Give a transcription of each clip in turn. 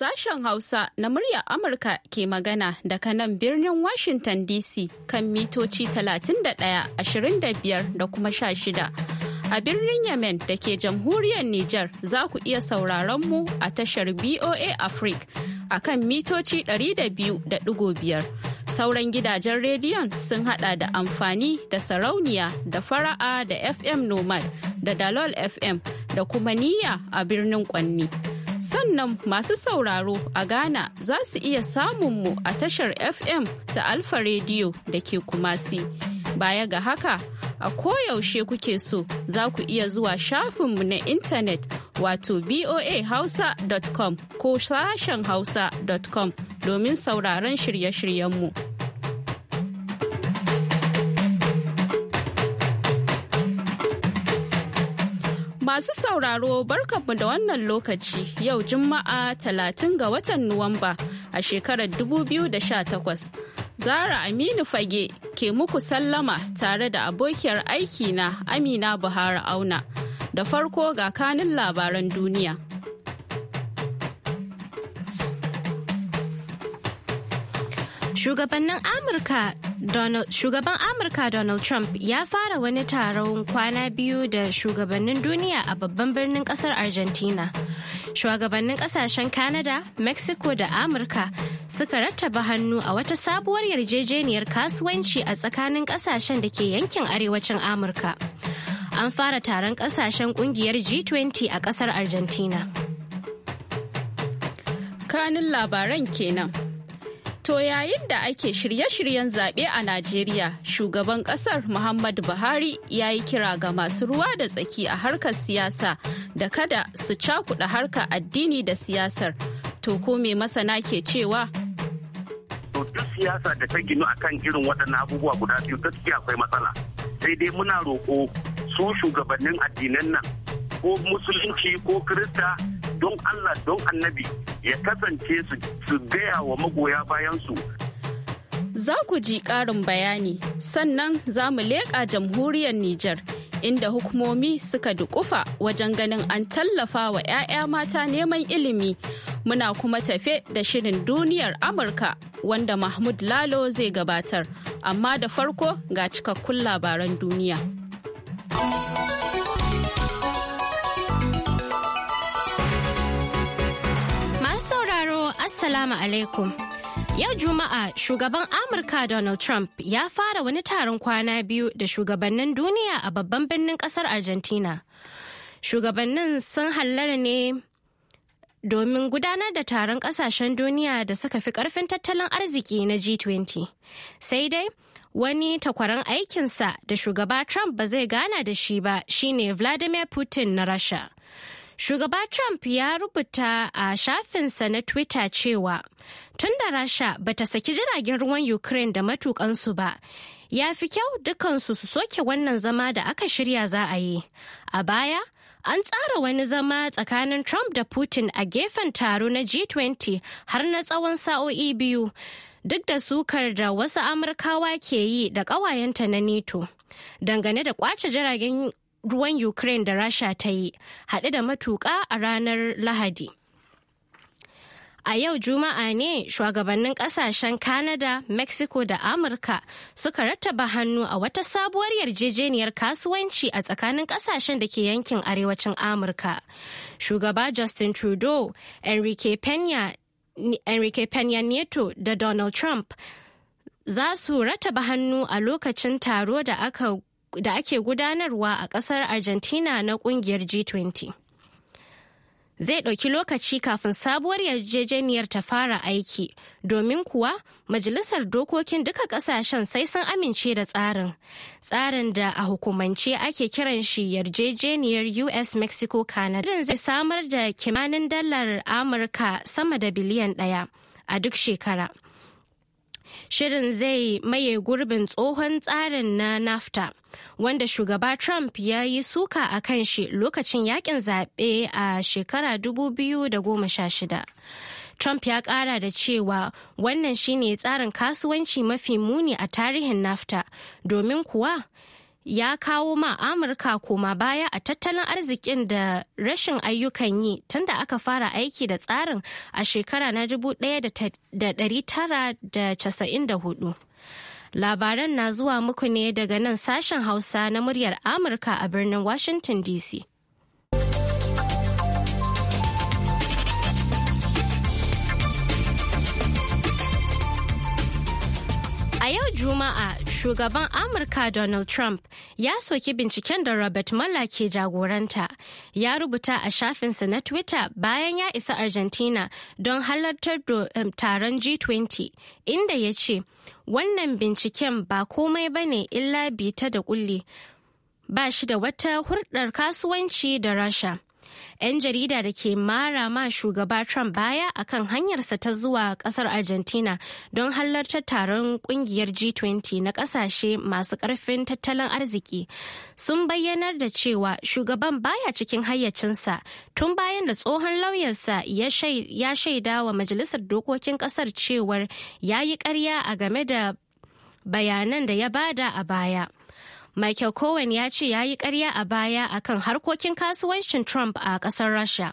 Sashen Hausa na murya Amurka ke magana daga nan birnin Washington DC kan mitoci 31, 25 da kuma 16. A birnin Yemen da ke jamhuriyar Nijar za ku iya sauraron mu a tashar BOA Africa a kan mitoci 200.5. Sauran gidajen rediyon sun hada da amfani da sarauniya da fara'a da FM Nomad da Dalol FM da kuma niyya a birnin Kwanni. Sannan masu sauraro a Ghana za su iya samun mu a tashar FM ta Alfa Radio da ke Kumasi. Baya ga haka, a koyaushe kuke so za ku iya zuwa shafinmu na intanet wato boahausa.com ko sashen hausa.com domin sauraron shirye-shiryenmu. Masu sauraro barkanmu da wannan lokaci yau Juma'a 30 ga watan Nuwamba a shekarar 2018. Zara Aminu Fage ke muku sallama tare da abokiyar aiki na Amina Buhari Auna. Da farko ga kanin labaran duniya. shugaban Amurka Donald Trump ya fara wani taron kwana biyu da shugabannin duniya a babban birnin kasar Argentina. Shugabannin kasashen Canada, Mexico da Amurka suka rattaba hannu a wata sabuwar yarjejeniyar kasuwanci a tsakanin kasashen da ke yankin arewacin Amurka. An fara taron kasashen kungiyar G20 a kasar Argentina. Kanin labaran kenan. To yayin da ake shirye-shiryen zaɓe a Najeriya, shugaban ƙasar Muhammadu Buhari ya yi kira ga masu ruwa da tsaki a harkar siyasa da kada su cakuɗa harkar addini da siyasar. To ko me masana ke cewa? To duk siyasa da ta ginu kan irin waɗannan abubuwa guda biyu gaskiya akwai matsala. Sai dai muna roƙo su shugabannin addinan nan ko musulunci ko kirista don Allah don annabi ya kasance su gaya wa magoya bayansu. Za ku ji ƙarin bayani sannan za mu leƙa jamhuriyar Nijar inda hukumomi suka dukufa wajen ganin an tallafa wa 'ya'ya mata neman ilimi muna kuma tafe da shirin duniyar Amurka wanda Mahmud Lalo zai gabatar amma da farko ga cikakkun labaran duniya. Assalamu alaikum. Yau Juma'a shugaban Amurka Donald Trump ya fara wani taron kwana biyu da shugabannin duniya a babban birnin kasar Argentina. Shugabannin sun hallara ne domin gudanar da taron kasashen duniya da suka fi karfin tattalin arziki na G20. Sai dai wani takwaran aikinsa da shugaba Trump ba zai gana da shi ba shine Vladimir Putin na Rasha. Shugaba Trump ya rubuta a shafinsa na Twitter cewa tun da Rasha bata saki jiragen ruwan Ukraine da matukansu ba, ya fi kyau dukansu su soke wannan zama da aka shirya za a yi. A baya, an tsara wani zama tsakanin Trump da Putin a gefen taro na G20 har na tsawon sa'o'i biyu. Duk da sukar da wasu Amurkawa ke yi da ƙawayenta na NATO, dangane da kwace jiragen ruwan Ukraine da Rasha ta yi, haɗe da matuƙa a ranar Lahadi. A yau Juma'a ne shugabannin ƙasashen Canada, Mexico da Amurka suka rattaba hannu a wata sabuwar yarjejeniyar kasuwanci a tsakanin ƙasashen da ke yankin arewacin Amurka. Shugaba Justin Trudeau, Enrique peña Enrique Peña Nieto da Donald Trump za su rattaba hannu a lokacin taro da aka da ake gudanarwa a ƙasar Argentina na ƙungiyar G20. Zai ɗauki lokaci kafin sabuwar yarjejeniyar ta fara aiki, domin kuwa Majalisar Dokokin duka ƙasashen sai sun amince da tsarin. Tsarin da a hukumance ake kiran shi yarjejeniyar US-Mexico-Canada zai samar da kimanin dalar Amurka sama da biliyan ɗaya a duk shekara. shirin zai maye gurbin tsohon tsarin na nafta wanda shugaba trump ya yi suka a kan shi lokacin yakin zaɓe a shekara 2016 Trump ya kara da cewa wannan shine tsarin kasuwanci mafi muni a tarihin NAFTA domin kuwa ya kawo ma amurka koma baya a tattalin arzikin da rashin ayyukan yi tunda aka fara aiki da tsarin a shekara na 1994 labaran na zuwa muku ne daga nan sashen hausa na muryar amurka a birnin washington dc A yau Juma'a, shugaban Amurka Donald Trump ya soki binciken da Robert Mueller ke jagoranta. Ya rubuta a shafinsa na Twitter bayan ya isa Argentina don halartar taron G20, inda ya ce, "Wannan binciken ba komai ba ne illa bita da kulli, ba shi da wata hurdar kasuwanci da Rasha." 'yan jarida da ke mara ma shugaba Trump baya akan hanyarsa ta zuwa kasar Argentina don halartar taron kungiyar G20 na kasashe masu karfin tattalin arziki sun bayyanar da cewa shugaban baya cikin hayyacinsa tun bayan da tsohon lauyansa ya shaida wa majalisar dokokin kasar cewar ya yi karya a game da bayanan da ya bada a baya. Michael Cohen ya ce ya yi karya a baya akan harkokin kasuwancin Trump a ƙasar Russia?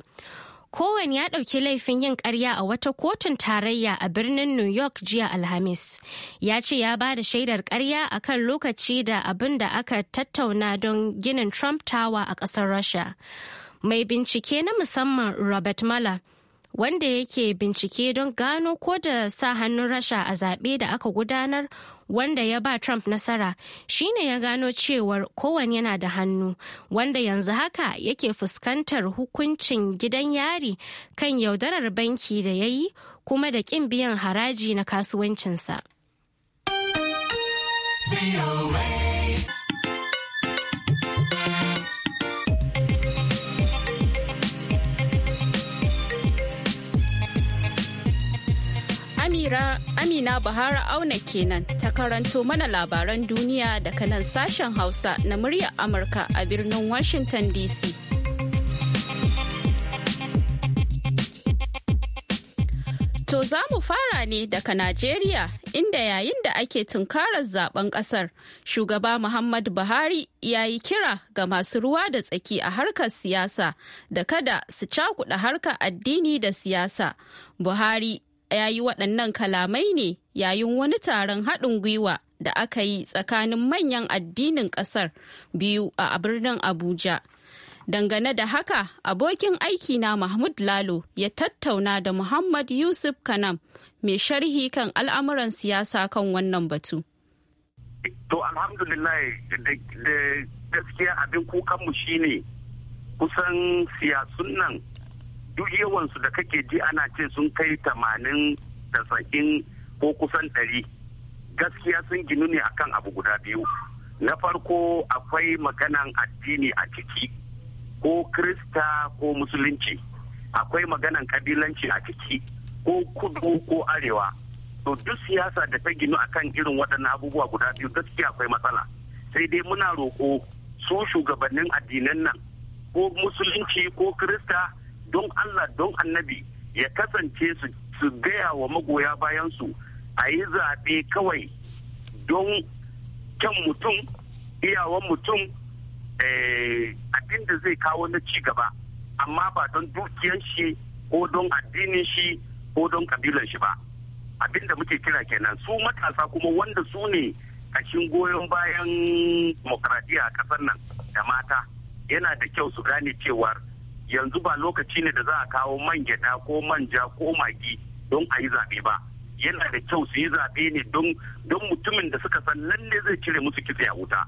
Cohen ya ɗauki laifin yin ƙarya a wata kotun tarayya a birnin New York jiya Alhamis. Ya ce ya ba da shaidar karya a kan lokaci da abin da aka tattauna don ginin Trump Tower a ƙasar Russia. Mai bincike na musamman Robert Mueller wanda yake bincike don gano ko da sa hannun rasha a zaɓe da aka gudanar wanda ya ba Trump nasara shine ya gano cewar kowane yana da hannu wanda yanzu haka yake fuskantar hukuncin gidan yari kan yaudarar banki da ya yi kuma da ƙin biyan haraji na kasuwancinsa. Amina Bahara Auna kenan ta karanto mana labaran duniya daga nan sashen Hausa na muryar Amurka a birnin Washington DC. To za mu fara ne daga Najeriya inda yayin da ake tunkarar zaben kasar shugaba Muhammadu Buhari ya yi kira ga masu ruwa da tsaki a harkar siyasa da kada su cakuɗa harkar addini da siyasa. Buhari ya yi waɗannan kalamai ne yayin wani taron haɗin gwiwa da aka yi tsakanin manyan addinin ƙasar biyu a birnin Abuja. Dangane da haka, abokin aikina Mahmud Lalo ya tattauna da Muhammad Yusuf Kanam mai sharhi kan al'amuran siyasa kan wannan batu. To alhamdulillah da gaskiya abin kukanmu shine kusan siyasun nan duk yawansu da kake ji ana ce sun kai tamanin da tasa'in ko kusan ɗari gaskiya sun ginu ne akan abu guda biyu na farko akwai maganan addini a ciki ko krista ko musulunci akwai maganan kabilanci a ciki ko kudu ko arewa to duk siyasa da ta ginu akan irin waɗannan abubuwa guda biyu gaskiya akwai matsala sai dai muna roƙo su shugabannin addinan nan ko musulunci ko krista don Allah don annabi ya kasance su gaya wa magoya bayansu a yi zaɓe kawai don kyan mutum iyawan mutum eh, abin zai kawo na ci gaba amma ba don dukiyan shi ko don addinin shi ko don kabilan shi ba abinda muke kira kenan su matasa kuma wanda su ne kashin goyon bayan demokradiyya a kasar nan da mata yana da kyau su gane cewar yanzu ba lokaci ne da za a kawo man gyada ko manja ko magi don a yi zaɓe ba yana da kyau su yi zaɓe ne don mutumin da suka san lalle zai cire musu kitse a wuta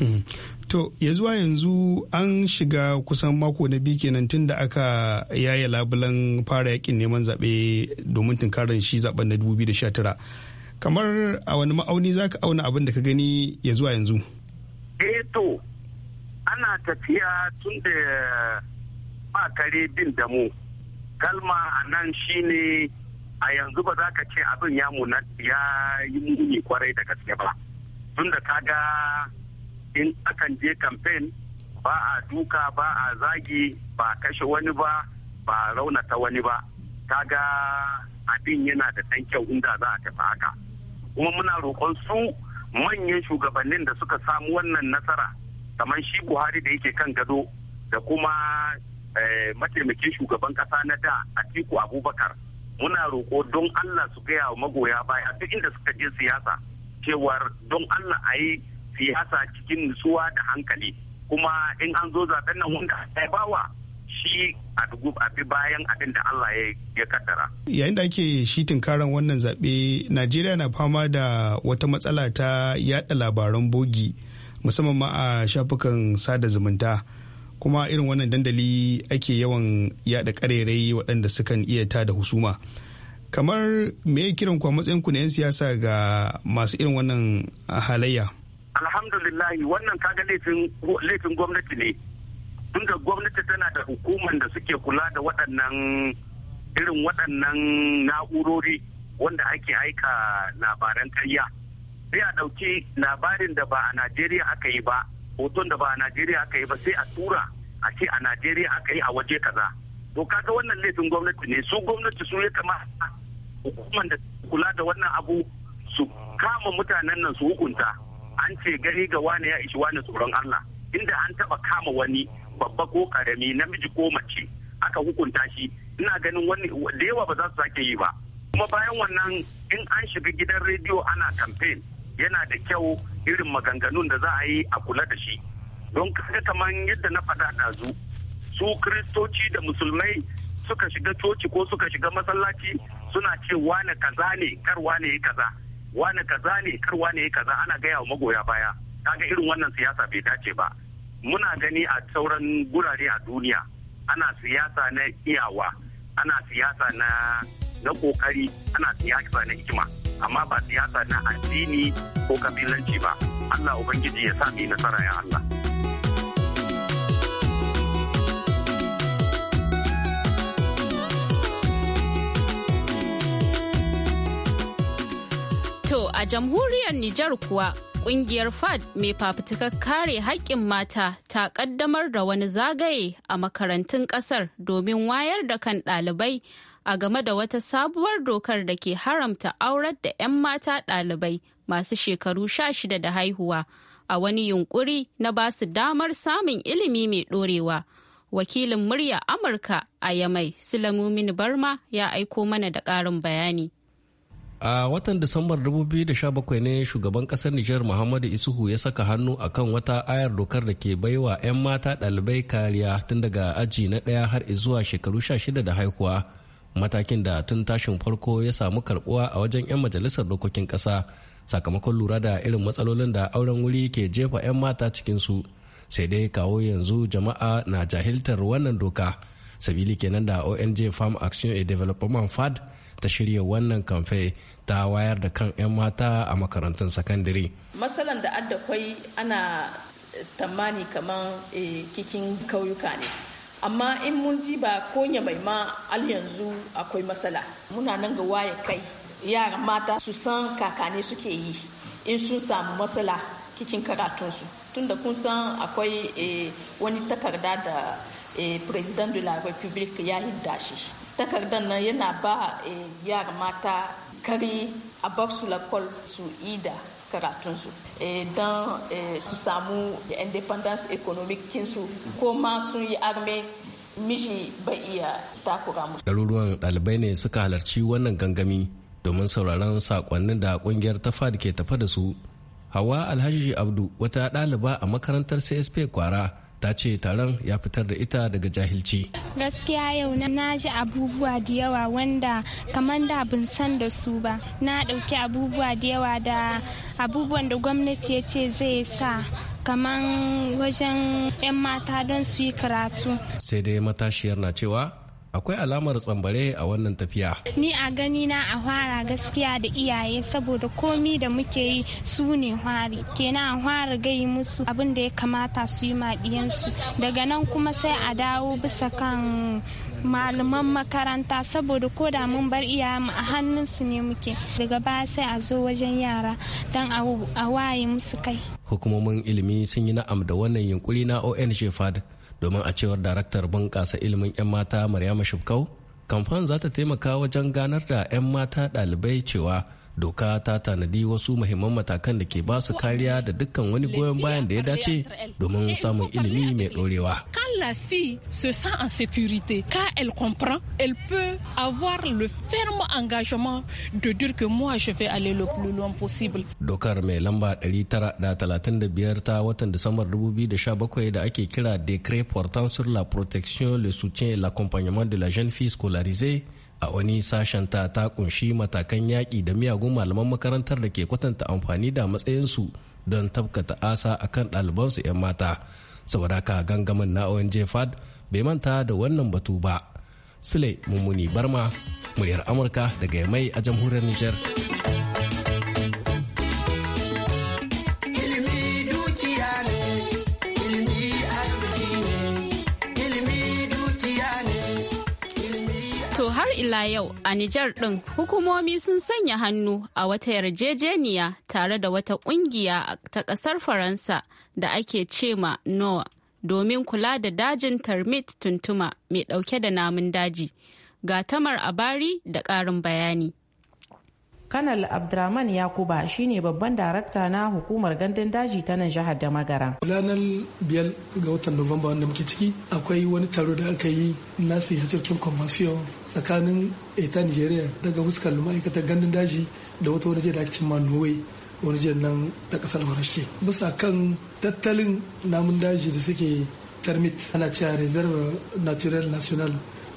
mm. To, ya zuwa yanzu an shiga kusan mako na biyu kenan tun da aka yaya labulan fara yakin neman zaɓe domin tunkarar shi zaɓen na 2019. Kamar a wani ma'auni za ka auna abin da ka gani ya zuwa yanzu? Eh to, ana tafiya tun da ba kare bin da mu kalma a nan shine a yanzu ba za ka ce abin ya muna ya yi muni kwarai da gaske ba tun da kaga in akan je kamfen ba a duka ba a zagi ba kashe wani ba ba raunata wani ba kaga abin yana da ɗan kyau inda za a tafi haka kuma muna roƙon su manyan shugabannin da suka samu wannan nasara kamar shi buhari da yake kan gado da kuma Eh, mataimakin shugaban kasa na da Atiku Abubakar muna roƙo don Allah su gaya wa magoya baya duk inda suka je siyasa cewar don Allah a yi siyasa cikin nutsuwa da hankali kuma in an zo zaben nan wanda ya bawa shi a bi bayan abin da Allah ya kaddara. Yayin da ake shi tunkaran wannan zaɓe, Najeriya na fama da wata matsala ta yaɗa labaran bogi musamman ma a shafukan sada zumunta. kuma irin wannan dandali ake yawan yada karerai waɗanda sukan iya ta da husuma kamar me kiran ku a matsayin ku na 'yan siyasa ga masu irin wannan halayya alhamdulillahi wannan kaga laifin gwamnati ne tunda gwamnati tana da hukumar da suke kula da waɗannan irin waɗannan na'urori wanda ake aika labaran karya sai a ɗauki labarin da ba a najeriya aka yi ba hoton da ba a najeriya aka yi ba sai a tura a ce a najeriya aka yi a waje kaza to kaga wannan laifin gwamnati ne su gwamnati su ya kamata hukumar da kula da wannan abu su kama mutanen nan su hukunta an ce gani ga wane ya ishi wane tsoron Allah inda an taba kama wani babba ko karami namiji ko mace aka hukunta shi ina ganin wani da yawa ba za su sake yi ba kuma bayan wannan in an shiga gidan rediyo ana kamfen. yana da kyau irin maganganun da za a yi a kula da shi don kaga kamar yadda na faɗa ɗazu su kristoci da musulmai suka shiga coci ko suka shiga masallaci suna ce wane kaza ne kar wane yi kaza wane kaza ne kar wane yi kaza ana gaya wa magoya baya kaga irin wannan siyasa bai dace ba muna gani a sauran gurare a duniya ana siyasa na iyawa ana siyasa na na kokari ana siyasa na hikima amma ba siyasa na addini ko kabilanci ba Allah ubangiji ya sami nasara ya Allah To a jamhuriyar Nijar kuwa kungiyar fad mai fafutukar kare haƙƙin mata ta ƙaddamar da wani zagaye a makarantun ƙasar domin wayar da kan ɗalibai a game da wata sabuwar dokar da ke haramta aurar da 'yan mata ɗalibai masu shekaru sha shida da haihuwa a wani yunƙuri na ba su damar samun ilimi mai ɗorewa. Wakilin murya Amurka a Yamai, Sulamumin Barma ya aiko mana da ƙarin bayani. a watan disambar 2017 ne shugaban kasar nijar muhammadu isuhu ya saka hannu a kan wata ayar dokar da ke baiwa 'yan mata ɗalibai kariya tun daga aji na ɗaya har zuwa shekaru 16 da haihuwa matakin da tun tashin farko ya samu karbuwa a wajen 'yan majalisar dokokin ƙasa sakamakon lura da irin matsalolin da auren wuri ke jefa 'yan mata cikinsu sai dai kawo yanzu jama'a na jahiltar wannan doka sabili kenan da ong farm action and development fund ta shirya wannan kamfe ta wayar da kan 'yan mata a makarantun sakandare. Matsalan da adda kwai ana tamani kamar eh, kikin kauyuka ne. Amma in mun ji ba konya mai ma al yanzu akwai matsala. Muna nan ga waye kai yara mata su san kakane suke yi in sun samu matsala kikin karatunsu. Tunda kun san akwai eh, wani takarda da eh, president de la republique ya hidda shi takardar nan yana ba eh, yara mata kari a bar su lakol su ida karatunsu eh, don eh, su samu independence economic kinsu ko ma sun yi arme miji bai iya takura musu. Ɗaruruwan ɗalibai ne suka halarci wannan gangami domin sauraron saƙonnin da kungiyar tafad ke tafa da su. Hawa Alhaji Abdu wata ɗaliba a makarantar CSP Kwara ta ce taron ya fitar da ita daga jahilci. Gaskiya yau na ji abubuwa da yawa wanda kamar da bin san da su ba. Na ɗauki abubuwa da yawa da abubuwan da gwamnati ya ce zai sa kamar wajen 'yan mata don su yi karatu. Sai dai matashiyar na cewa akwai alamar tsambare a wannan tafiya. Ni a gani na a fara gaskiya da iyaye saboda komi da muke yi su ne hwari. Kenan a fara gai musu abin da ya kamata su yi maɗiyansu. Daga nan kuma sai a dawo bisa kan malaman makaranta saboda ko da mun bar iyayenmu a hannunsu ne muke. Daga baya sai a zo wajen yara don a waye musu kai. Hukumomin ilimi sun yi na'am da wannan yunkuri na ONG FAD domin a cewar daraktar bunƙasa ilimin 'yan mata maryama shibkau kamfan za ta taimaka wajen ganar da 'yan mata ɗalibai cewa doka ta tanadi wasu muhimman matakan da ke ba su kariya da dukkan wani goyon bayan da ya dace domin samun ilimi mai dorewa. Quand la fille se sent en sécurité, quand elle comprend, elle peut avoir le ferme engagement de dire que moi je vais aller le plus loin possible. Dokar mai lamba 935 ta watan Disambar 2017 da ake kira décret portant sur la protection, le soutien et l'accompagnement de la jeune fille scolarisée a wani sashen ta ta kunshi matakan yaƙi da miyagun malaman makarantar da ke kwatanta amfani da matsayinsu don tabkata asa kan ɗalibansu 'yan mata saboda ka gangamin na ONG FAD bai manta da wannan batu ba. Sule Mummuni Barma, muryar Amurka daga mai a jamhuriyar niger. ila yau a Nijar ɗin hukumomi sun sanya hannu a wata yarjejeniya tare da wata ƙungiya ta ƙasar Faransa da ake cema NOA domin kula da dajin tarmit Tuntuma mai ɗauke da namun daji. gatamar a abari da ƙarin bayani. kanal abdraman yakuba shine babban darakta na hukumar gandun daji ta nan jihar da magara ranar biyar ga watan nuwamba wanda muke ciki akwai wani taro da aka yi na siyasarkin convention tsakanin eta nigeria daga fuskar ma'aikatar gandun daji da wata wani da cin ma norway wani jiya nan ta kasar farashe bisa kan tattalin namun daji da suke termit ana cewa reserve natural national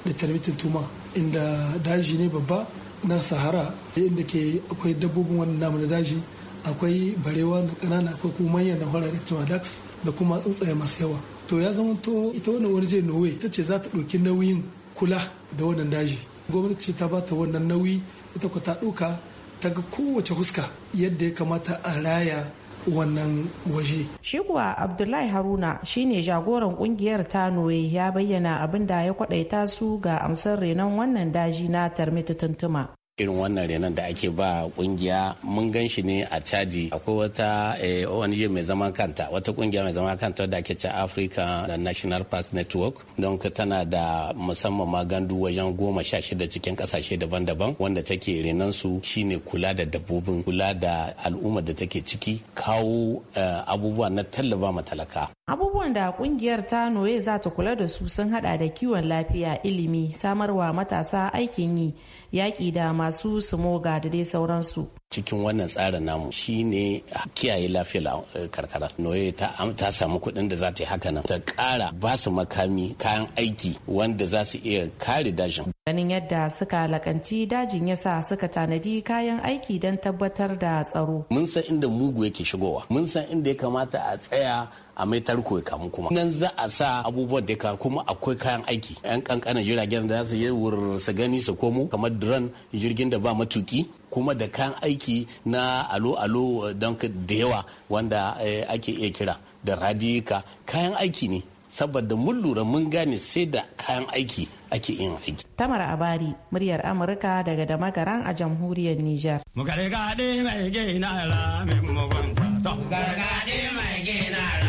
da termitin tuma inda daji ne babba na sahara inda ke akwai dabbobin wannan namu daji akwai barewa na kanana akwai kuma manyan na horar cewa dax da kuma tsuntsaye masu yawa to ya zama to ita wannan wani norway ta ce za ta ɗauki nauyin kula da wannan daji gwamnati ta ba ta wannan nauyi ita ko ta ɗauka ta ga kowace huska yadda ya kamata a raya wannan waje. Shi kuwa Abdullahi Haruna shine jagoran kungiyar Tanoe ya bayyana abin da ya kwadaita su ga amsar renon wannan daji na tarmiti tuntuma. irin wannan renon da ake ba kungiya mun gan shi ne a caji akwai wata ONG eh, mai zaman kanta wata kungiya mai zaman kanta da ake ce Africa National Park Network don tana da musamman ma gandu wajen goma sha shida cikin kasashe daban-daban wanda take renon su shine kula da dabbobin kula da al'ummar da take ciki kawo eh, abubuwa na tallaba matalaka abubuwan da kungiyar ta noye za ta kula da su sun hada da kiwon lafiya ilimi samarwa matasa aikin yi yaƙi da masu simoga da dai sauransu cikin wannan tsarin namu shine kiyaye lafiyar eh, karkara noye ta samu kuɗin da za ta yi haka nan ta ƙara ba su makami kayan aiki wanda za su iya kare dajin ganin yadda suka lakanci dajin ya sa suka tanadi kayan aiki don tabbatar da tsaro mun san inda mugu yake shigowa mun san inda ya kamata a tsaya a mai tarko ya kamu kuma nan za a sa abubuwan da kuma akwai kayan aiki yan kankanan jiragen da za su yi wurin su gani su komo kamar drone jirgin da ba matuki kuma da kayan aiki na alo-alo don da yawa wanda eh, ake iya kira da radiyuka kayan aiki ne saboda mun lura mun gane sai da kayan aiki ake yin aiki. Tamar Abari, muryar Amurka daga da makaran a jamhuriyar Nijar. Mugargaɗe mai gina ramin mugunta. Mugargaɗe mai gina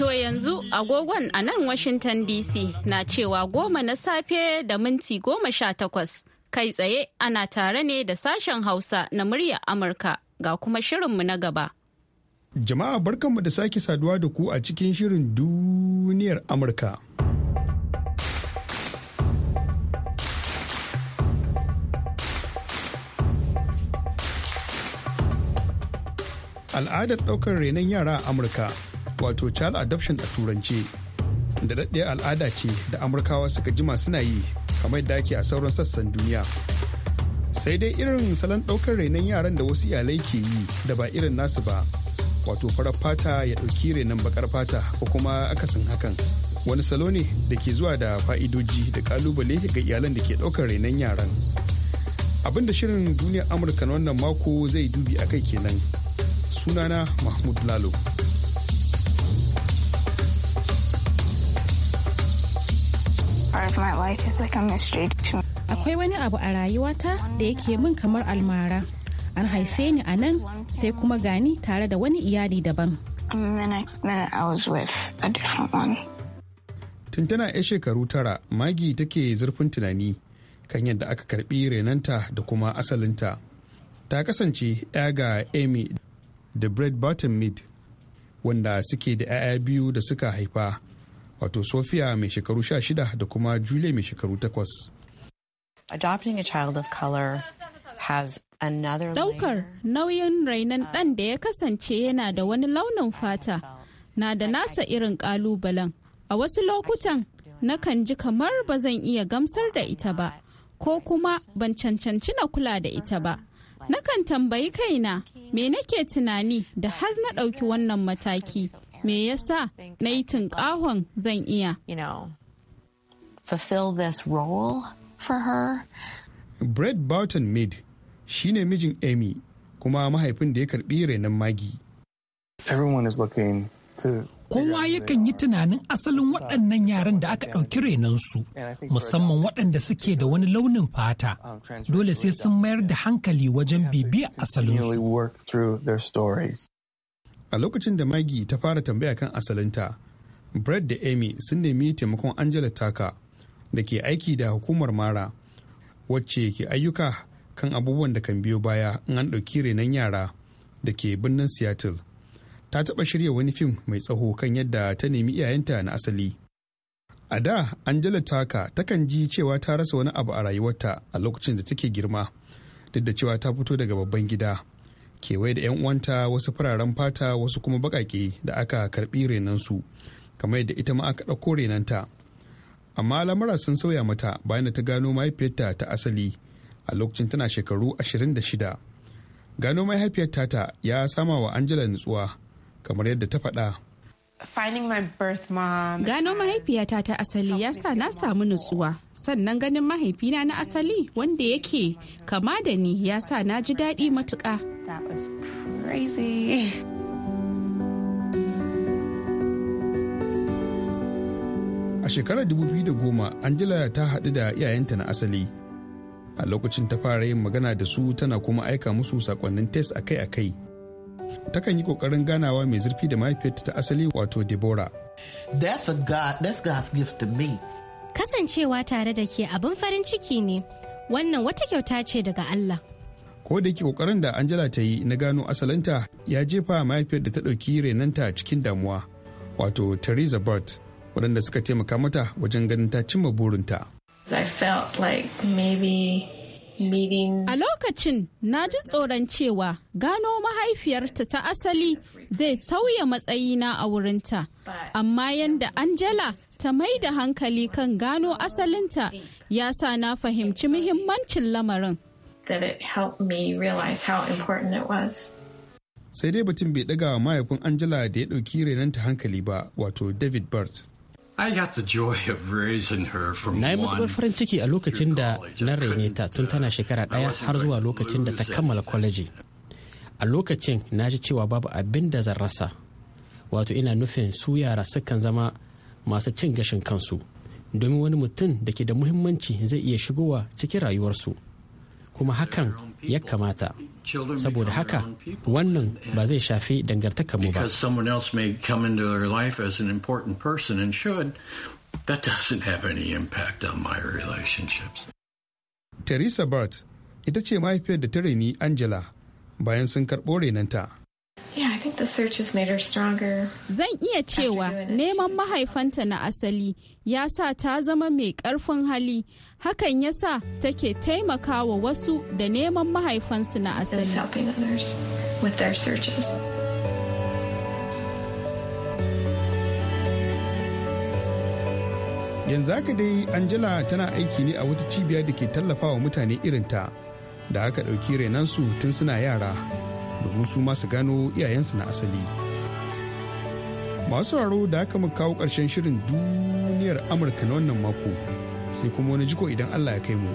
To yanzu agogon a nan Washington DC na cewa goma na safe da minti goma sha takwas. Kai tsaye ana tare ne da sashen Hausa na murya Amurka ga kuma shirinmu na gaba. Jama'a barkanmu da sake saduwa da ku a cikin shirin duniyar Amurka. Al'adar ɗaukar renon yara a Amurka wato child adoption a turance da daɗe al'ada ce da amurkawa suka jima suna yi kamar da ake a sauran sassan duniya sai dai irin salon ɗaukar renon yaran da wasu iyalai ke yi da ba irin nasu ba wato farar fata ya ɗauki renon bakar fata ko kuma akasin hakan wani salo ne da ke zuwa da fa'idoji da kalubale ga iyalan da ke ɗaukar renon yaran abin da shirin duniyar amurka na wannan mako zai dubi a kai kenan sunana mahmud lalo Akwai wani abu a rayuwata da yake min kamar almara. An haife ni a nan sai kuma gani tare da wani iyali daban. Tun tana 'yan shekaru tara, Magi take zurfin tunani kan yadda aka karbi renanta da kuma asalinta. Ta kasance 'ya ga Amy da Brad Button Mead wanda suke da 'ya'ya biyu da suka haifa. wato sofia mai shekaru 16 da kuma Julia mai shekaru 8. Daukar nauyin rainon ɗan da ya kasance yana da wani launin fata na da nasa irin ƙalubalen. A wasu lokutan na kan ji kamar ba zan iya gamsar da ita ba, ko kuma ban cancanci na kula da ita ba. Nakan tambayi kaina me nake tunani da har na ɗauki wannan mataki. Me yasa na yi tunƙahon zan iya. fulfill this role for her. Brett Barton Mead shi ne mijin Amy kuma mahaifin da ya karbi renon magi. Everyone is looking Kowa yakan yi tunanin asalin waɗannan yaran da aka ɗauki su musamman waɗanda suke da wani launin fata, um, dole sai sun mayar da hankali wajen bibiyar asalinsu. a lokacin da magi ta fara tambaya kan asalinta brett da amy sun nemi taimakon angela taka da ke aiki da hukumar mara wacce ke ayyuka kan abubuwan da kan biyo baya in an ɗauki renon yara da ke birnin seattle ta taɓa shirya wani fim mai tsaho kan yadda ta nemi iyayenta na asali a da angela taka takan ji cewa ta rasa wani abu a rayuwarta a lokacin da take girma duk da cewa ta fito daga babban gida kewaye da 'yan uwanta wasu fararen fata wasu kuma baƙaƙe da aka karɓi renansu kamar yadda ita ma aka ɗauko renanta amma lamura sun sauya mata bayan da ta gano mahaifiyarta ta asali a lokacin tana shekaru 26 gano mahaifiyarta ta ya sama wa angela nutsuwa kamar yadda ta faɗa Gano mahaifiyata ta asali ya sa na samu nutsuwa sannan ganin mahaifina na asali wanda yake kama da ni ya sa na ji daɗi matuƙa. That was crazy. A shekarar goma, Angela ta haɗu da iyayenta na asali. A lokacin ta fara yin magana da su tana kuma aika musu sakonnin tes akai kai. Takan yi ƙoƙarin ganawa mai zurfi da mahaifiyarta ta asali wato Deborah. Kasancewa tare da ke abin farin ciki ne, wannan wata kyauta ce daga Allah. ko da yake kokarin da angela ta yi na gano asalinta ya jefa mahaifiyar da ta ɗauki renanta cikin damuwa wato theresa bird waɗanda suka taimaka mata wajen ganin ta cimma burinta A lokacin na ji tsoron cewa gano mahaifiyarta ta asali zai sauya matsayina a wurinta, amma yadda Angela ta mai da hankali kan gano asalinta ya sa na fahimci muhimmancin lamarin. that it helped me realize how important it was. Sai dai batun bai daga mahaifin Angela da ya ɗauki renanta hankali ba, wato David Burt. I got Na yi matuƙar farin ciki a lokacin da na raine ta tun tana uh, shekara ɗaya har zuwa lokacin da ta kammala kwaleji. A lokacin na ji cewa babu abin da zan rasa. Wato ina nufin su yara sukan zama masu cin gashin kansu. Domin wani mutum da ke da muhimmanci zai iya shigowa cikin rayuwarsu. kuma hakan ya kamata saboda haka wannan ba zai shafi dangantakarmu ba That doesn't have any impact on my relationships. Teresa Bart ita ce mahaifiyar da ta raini Angela bayan sun karɓo renanta. Zan iya cewa neman mahaifanta na asali ya sa ta zama mai ƙarfin hali, hakan ya sa take taimakawa wasu da neman mahaifansu na asali. Yanzu haka dai Angela tana aiki ne a wata cibiya da ke tallafawa mutane irinta, da aka ɗauki renansu tun suna yara. domin su masu gano iyayensu na asali masu sauraro da aka muka kawo ƙarshen shirin duniyar amurka na wannan mako sai kuma wani jiko idan allah ya kai mu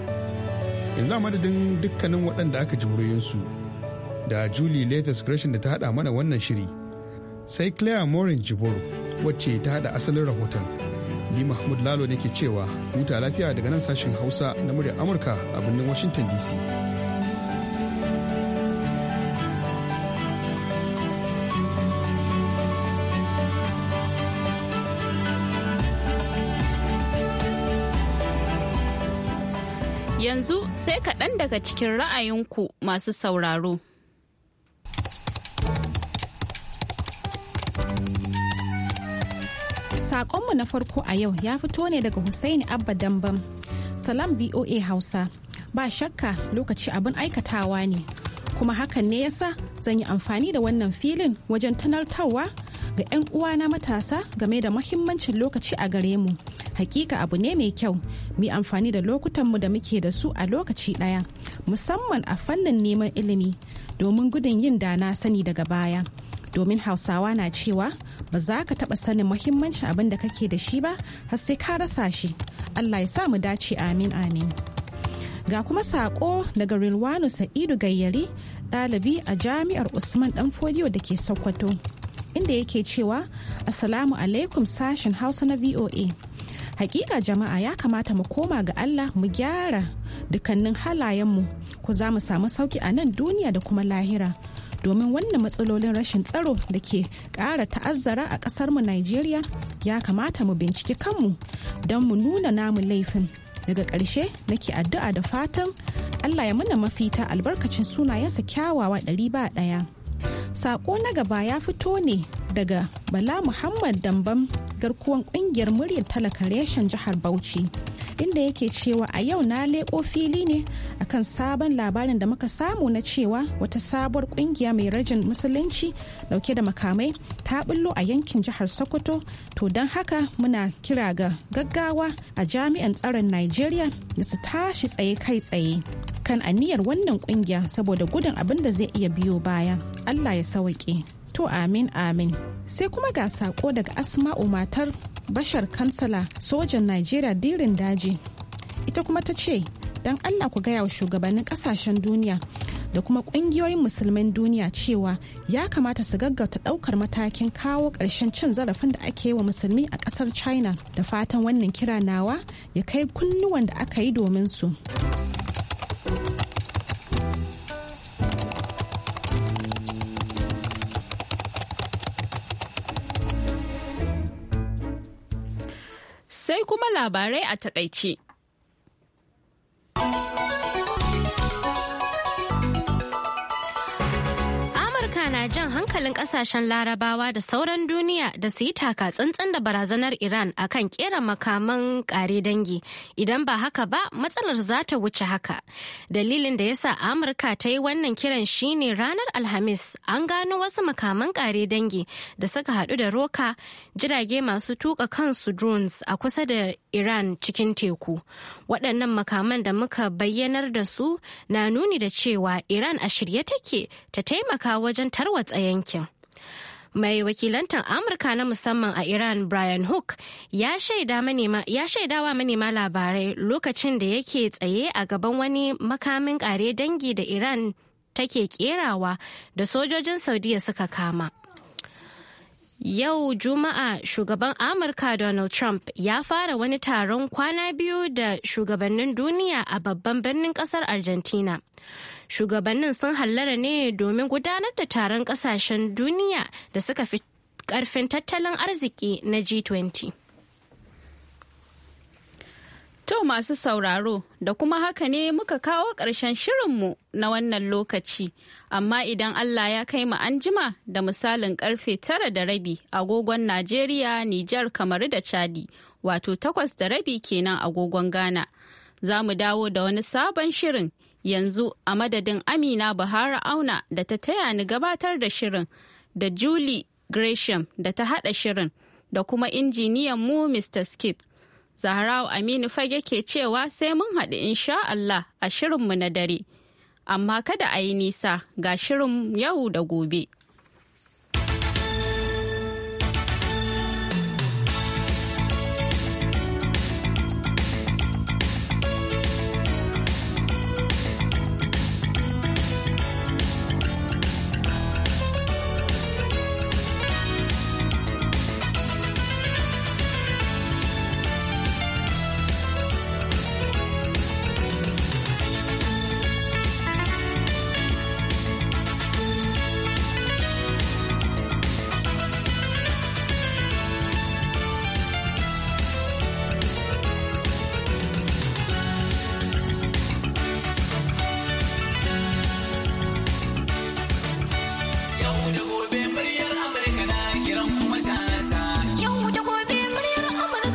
yanzu a madadin dukkanin waɗanda aka ji da julie latest gresham da ta haɗa mana wannan shiri sai claire morin jiboro wacce ta haɗa asalin rahoton ni mahmud lalo ne ke cewa huta lafiya daga nan sashen hausa na muryar amurka a birnin washington dc kaɗan daga cikin ra'ayinku masu sauraro. Saƙonmu na farko a yau ya fito ne daga Hussaini Abba Dambam. Salam VOA Hausa. Ba shakka lokaci abin aikatawa ne. Kuma hakan ne yasa zan yi amfani da wannan filin wajen tunartarwa ga 'yan uwana matasa game da mahimmancin lokaci a gare mu. hakika abu ne mai kyau mu amfani da lokutanmu da muke da su a lokaci ɗaya musamman a fannin neman ilimi domin gudun yin dana sani daga baya domin hausawa na cewa ba za ka taɓa sanin muhimmancin abin da kake da shi ba har sai ka rasa shi allah ya sa mu dace amin amin ga kuma saƙo daga rilwano sa'idu gayyari ɗalibi a jami'ar usman ɗan fodiyo da ke sokoto inda yake cewa assalamu alaikum sashen hausa na voa hakika jama'a ya kamata mu koma ga allah mu gyara dukannin halayenmu ku za mu samu sauki a nan duniya da kuma lahira domin wannan matsalolin rashin tsaro da ke ƙara ta'azzara a ƙasarmu Najeriya ya kamata mu binciki kanmu don mu nuna namu laifin. Daga ƙarshe nake addu'a da fatan Allah ya muna mafita albarkacin sunayensa kyawawa ɗari ba ɗaya. Sako na gaba ya fito ne daga Bala Muhammad Dambam garkuwan kungiyar muryar talaka reshen jihar Bauchi. inda yake cewa a yau na leƙo fili ne akan sabon labarin da muka samu na cewa wata sabuwar kungiya mai rajin musulunci dauke da makamai ta bullo a yankin jihar sokoto to don haka muna kira ga gaggawa a jami'an tsaron nigeria da su tashi tsaye kai tsaye kan aniyar wannan kungiya saboda gudun abin da zai iya biyo baya allah ya sauke to amin amin sai kuma ga sako daga asma'u matar bashar kansala sojan najeriya dirin daji ita kuma ta ce don allah ku gaya wa shugabannin kasashen duniya da kuma kungiyoyin musulmin duniya cewa ya kamata su gaggauta daukar matakin kawo karshen cin zarafin da ake wa musulmi a kasar china da fatan wannan kira nawa ya kai kunnuwan da aka yi domin su. sai kuma labarai a takaice. hankalin kasashen larabawa da sauran duniya da su yi taka tsantsan da barazanar iran a kan kera makaman kare dangi idan ba haka ba matsalar za ta wuce haka dalilin da yasa amurka ta yi wannan kiran shine ranar alhamis an gano wasu makaman kare dangi da suka hadu da roka jirage masu tuka kansu drones a kusa da iran cikin teku waɗannan makaman da muka bayyanar da su na nuni da cewa iran a shirye take ta taimaka wajen tarwatsa yankin yankin. Mai wakilantan Amurka na musamman a Iran Brian Hook ya shaida wa manema labarai lokacin da yake tsaye a gaban wani makamin kare dangi da Iran take kerawa da sojojin Saudiya suka kama. Yau Juma'a shugaban Amurka Donald Trump ya fara wani taron kwana biyu da shugabannin duniya a babban birnin kasar Argentina. shugabannin sun hallara ne domin gudanar da taron kasashen duniya da suka fi karfin tattalin arziki na g20 To masu sauraro da kuma haka ne muka kawo ƙarshen shirinmu na wannan lokaci, amma idan Allah ya kai mu anjima da misalin karfe tara da rabi agogon Najeriya, Nijar, Kamaru da Chadi, wato takwas da rabi kenan agogon Ghana. Za mu dawo da wani sabon shirin yanzu a madadin amina buhari auna da ta taya ni gabatar da shirin da julie gresham da ta haɗa shirin da kuma injiniyan mu mr skip zahrau aminu fage ke cewa sai mun haɗu insha allah a shirinmu na dare amma kada a yi nisa ga shirin yau da gobe.